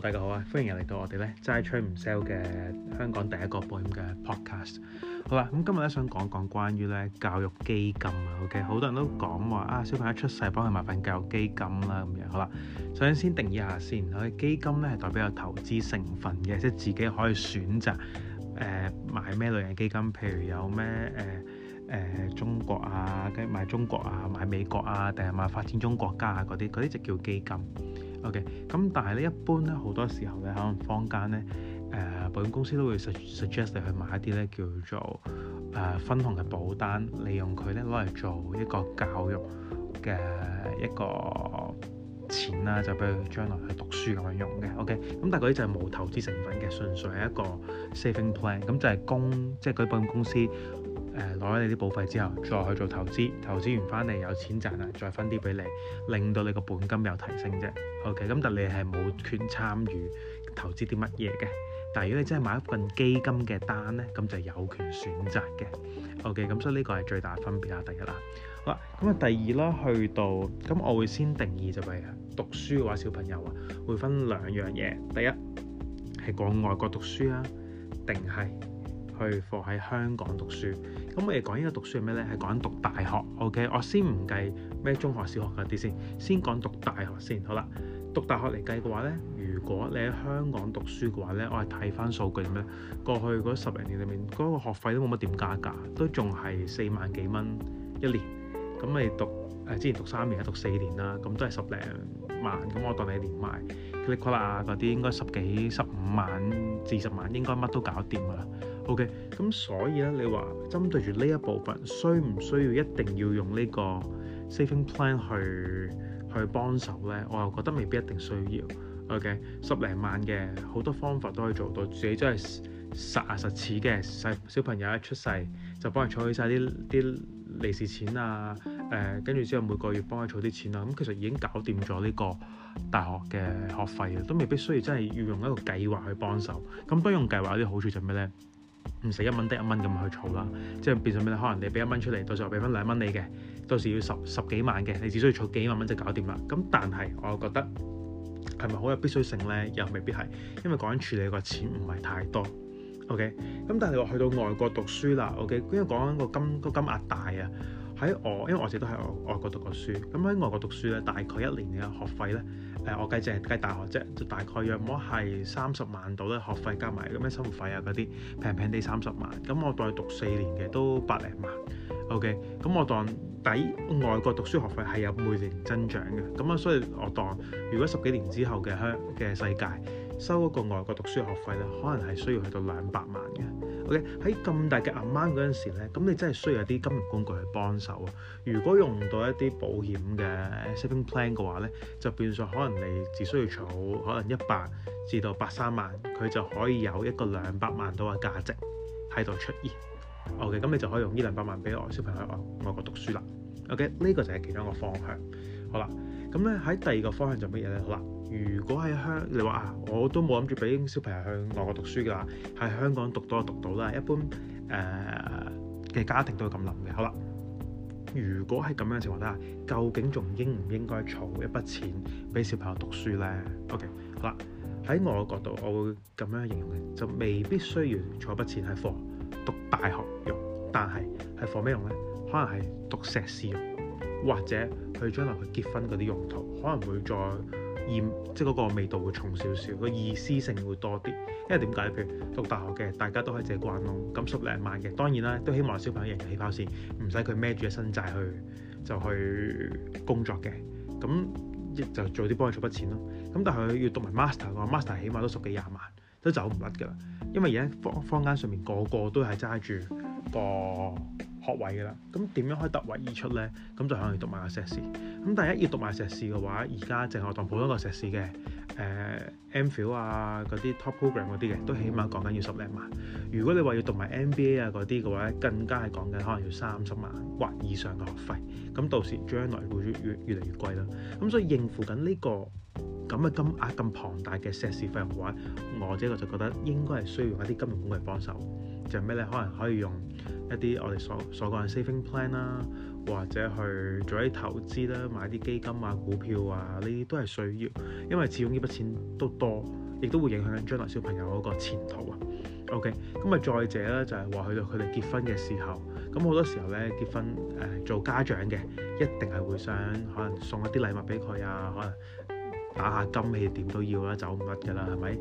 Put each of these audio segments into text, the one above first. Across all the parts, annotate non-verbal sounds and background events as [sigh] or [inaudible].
大家好啊，歡迎又嚟到我哋咧齋吹唔 sell 嘅香港第一個保險嘅 podcast。好啦，咁 [music] 今日咧想講講關於咧教育基金啊。OK，好多人都講話啊，小朋友出世幫佢買份教育基金啦咁樣。好啦，首先先定義一下先，佢基金咧係代表有投資成分嘅，即係自己可以選擇誒、呃、買咩類型基金，譬如有咩誒。呃誒中國啊，跟買中國啊，買美國啊，定係買發展中國家啊，嗰啲嗰啲就叫基金。O.K. 咁但係咧，一般咧好多時候咧，可能坊間咧誒保險公司都會 suggest 你去買一啲咧叫做誒分紅嘅保單，利用佢咧攞嚟做一個教育嘅一個錢啦，就俾佢將來去讀書咁樣用嘅。O.K. 咁但係嗰啲就係冇投資成分嘅，純粹係一個 saving plan，咁就係公即係嗰啲保險公司。誒攞咗你啲保費之後，再去做投資，投資完翻嚟有錢賺啦，再分啲俾你，令到你個本金有提升啫。OK，咁但你係冇權參與投資啲乜嘢嘅，但係如果你真係買一份基金嘅單咧，咁就有權選擇嘅。OK，咁所以呢個係最大分別啦，啊，第一啦。好啦，咁啊第二啦，去到咁我會先定義就係讀書嘅話，小朋友啊會分兩樣嘢，第一係講外國讀書啊，定係。去放喺香港讀書，咁我哋講呢個讀書係咩咧？係講讀大學。O.K. 我先唔計咩中學、小學嗰啲先，先講讀大學先。好啦，讀大學嚟計嘅話咧，如果你喺香港讀書嘅話咧，我係睇翻數據咁樣。過去嗰十零年裡面，嗰個學費都冇乜點加價，都仲係四萬幾蚊一年。咁你哋讀之前讀三年啊，讀四年啦，咁都係十零萬，咁我當你連埋 credit card 啊，嗰啲應該十幾十五萬至十萬應該乜都搞掂㗎喇。O K，咁所以咧，你話針對住呢一部分需唔需要一定要用呢個 saving plan 去去幫手咧？我又覺得未必一定需要。O、okay? K，十零萬嘅好多方法都可以做到，自己真係實啊實似嘅，細小朋友一出世就幫佢儲起晒啲啲利是錢啊。嗯誒跟住之後每個月幫佢儲啲錢啦，咁、嗯、其實已經搞掂咗呢個大學嘅學費啦，都未必需要真係要用一個計劃去幫手。咁、嗯、不用計劃有啲好處就係咩咧？唔使一蚊得一蚊咁去儲啦，即係變咗咩咧？可能你俾一蚊出嚟，到時候俾翻兩蚊你嘅。到時要十十幾萬嘅，你只需要儲幾萬蚊就搞掂啦。咁、嗯、但係我又覺得係咪好有必須性咧？又未必係，因為講緊處理個錢唔係太多。OK，咁、嗯、但係你話去到外國讀書啦，OK，因為講緊個金個金額大啊。喺我，因為我自己都喺外國讀過書，咁喺外國讀書咧，大概一年嘅學費咧，誒，我計淨係計大學啫，就大概約摸係三十萬到咧，學費加埋咁樣生活費啊嗰啲，平平地三十萬。咁我再讀四年嘅，都百零萬。OK，咁我當抵外國讀書學費係有每年增長嘅。咁啊，所以我當如果十幾年之後嘅香嘅世界收一個外國讀書學費咧，可能係需要去到兩百萬嘅。喺咁，okay, 大嘅 amount 嗰陣時咧，咁你真係需要一啲金融工具去幫手啊！如果用到一啲保險嘅 saving plan 嘅話咧，就變相可能你只需要儲可能一百至到八三萬，佢就可以有一個兩百萬到嘅價值喺度出現。OK，咁你就可以用呢兩百萬俾我小朋友外外國讀書啦。OK，呢個就係其中一個方向。好啦。咁咧喺第二個方向就乜嘢咧？好啦，如果喺香你話啊，我都冇諗住俾小朋友去外國讀書㗎，喺香港讀都讀到啦。一般誒嘅、呃、家庭都咁諗嘅。好啦，如果喺咁樣嘅情況底下，究竟仲應唔應該儲一筆錢俾小朋友讀書咧？OK，好啦，喺我角度我會咁樣形容嘅，就未必需要儲一筆錢係 for 讀大學用，但係係 for 咩用咧？可能係讀碩士用。或者佢將來佢結婚嗰啲用途，可能會再染，即係嗰個味道會重少少，個意思性會多啲。因為點解？譬如讀大學嘅，大家都係借慣咯，咁、嗯、十零萬嘅，當然啦，都希望小朋友贏起跑線，唔使佢孭住一身債去就去工作嘅，咁、嗯、亦就早啲幫佢儲筆錢咯。咁、嗯、但係佢要讀埋 master，個 master 起碼都十幾廿萬，都走唔甩㗎啦。因為而家坊間上面個個都係揸住個學位㗎啦，咁點樣可以突圍而出咧？咁就可能要讀埋個碩士。咁第一要讀埋碩士嘅話，而家淨係當普通個碩士嘅，誒、呃、MPhil 啊嗰啲 top program 嗰啲嘅，都起碼講緊要十零萬。如果你話要讀埋 MBA 啊嗰啲嘅話咧，更加係講緊可能要三十萬或以上嘅學費。咁到時將來會越越越嚟越貴啦。咁所以應付緊、這、呢個咁嘅金額咁龐大嘅碩士費用嘅話，我自己就覺得應該係需要用一啲金融工具幫手。就係咩咧？可能可以用。一啲我哋所所講嘅 saving plan 啦、啊，或者去做一啲投資啦、啊，買啲基金啊、股票啊，呢啲都係需要，因為始終呢筆錢都多，亦都會影響緊將來小朋友嗰個前途啊。OK，咁啊再者咧就係、是、話去到佢哋結婚嘅時候，咁好多時候咧結婚誒、呃、做家長嘅一定係會想可能送一啲禮物俾佢啊，可能。打下金氣點都要啦，走唔甩噶啦，係咪？誒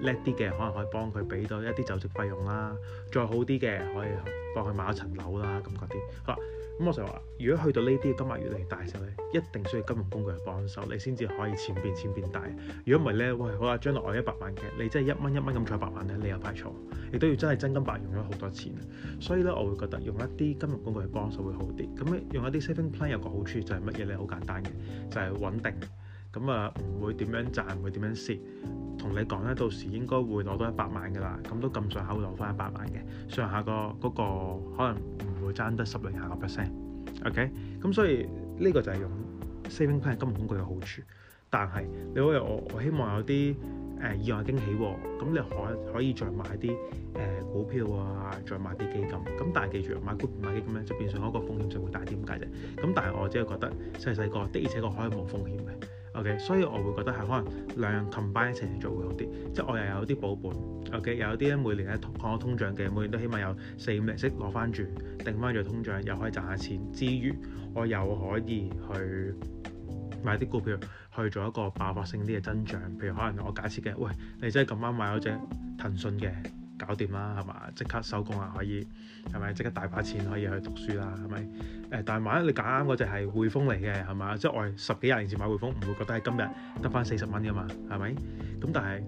叻啲嘅可能可以幫佢俾到一啲酒席費用啦，再好啲嘅可以幫佢買一層樓啦咁嗰啲。好啦，咁我就話，如果去到呢啲金額越嚟越大嘅時候咧，一定需要金融工具去幫手，你先至可以錢變錢變大。如果唔係咧，喂，好啦，將來我一百萬嘅，你真係一蚊一蚊咁存一百萬咧，你又怕錯，亦都要真係真金白用咗好多錢。所以咧，我會覺得用一啲金融工具去幫手會好啲。咁用一啲 saving plan 有個好處就係乜嘢咧？好簡單嘅，就係穩定。咁啊，唔、嗯、會點樣賺，唔會點樣蝕。同你講咧，到時應該會攞到一百萬㗎啦。咁都咁上口，攞翻一百萬嘅上下、嗰個嗰、嗰個可能唔會爭得十零下個 percent。OK，咁所以呢、這個就係用 saving plan 金融工具嘅好處。但係你話我我希望有啲誒、呃、意外驚喜喎、啊，咁你可以可以再買啲誒、呃、股票啊，再買啲基金。咁但係記住買股買基金咧，就變成一個風險就會大啲咁解啫。咁但係我只係覺得細細個的而且確可以冇風險嘅。O.K.，所以我會覺得係可能兩 combine 一齊嚟做會好啲，即係我又有啲保本，O.K.，有啲咧每年嘅抗咗通脹嘅，每年都起碼有四五釐息攞翻住，定翻咗通脹，又可以賺下錢。之餘我又可以去買啲股票去做一個爆發性啲嘅增長，譬如可能我假設嘅，喂，你真係咁啱買咗隻騰訊嘅。搞掂啦，係嘛？即刻收工啊，可以係咪？即刻大把錢可以去讀書啦，係咪？誒，但係萬一你揀啱嗰隻係匯豐嚟嘅，係嘛？即係我十幾廿年前買匯豐，唔會覺得係今日得翻四十蚊㗎嘛，係咪？咁但係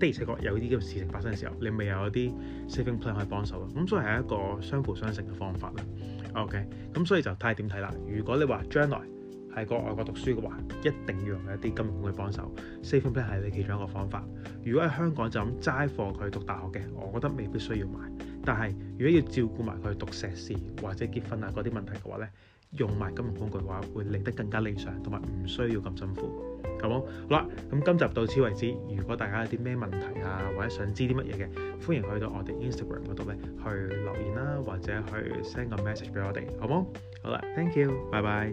的而且確有啲咁嘅事情發生嘅時候，你咪又有啲 saving plan 可以幫手啦。咁所以係一個相輔相成嘅方法啦。OK，咁所以就睇下點睇啦。如果你話將來，喺個外國讀書嘅話，一定要用一啲金融工具幫手。Saving plan 係你其中一個方法。如果喺香港就咁齋放佢讀大學嘅，我覺得未必需要買。但係如果要照顧埋佢讀碩士或者結婚啊嗰啲問題嘅話咧，用埋金融工具嘅話，會嚟得更加理想，同埋唔需要咁辛苦，好冇？好？好啦，咁今集到此為止。如果大家有啲咩問題啊，或者想知啲乜嘢嘅，歡迎去到我哋 Instagram 嗰度咧去留言啦，啊，或者去 send 個 message 俾我哋，好冇？好？好啦，thank you，拜拜。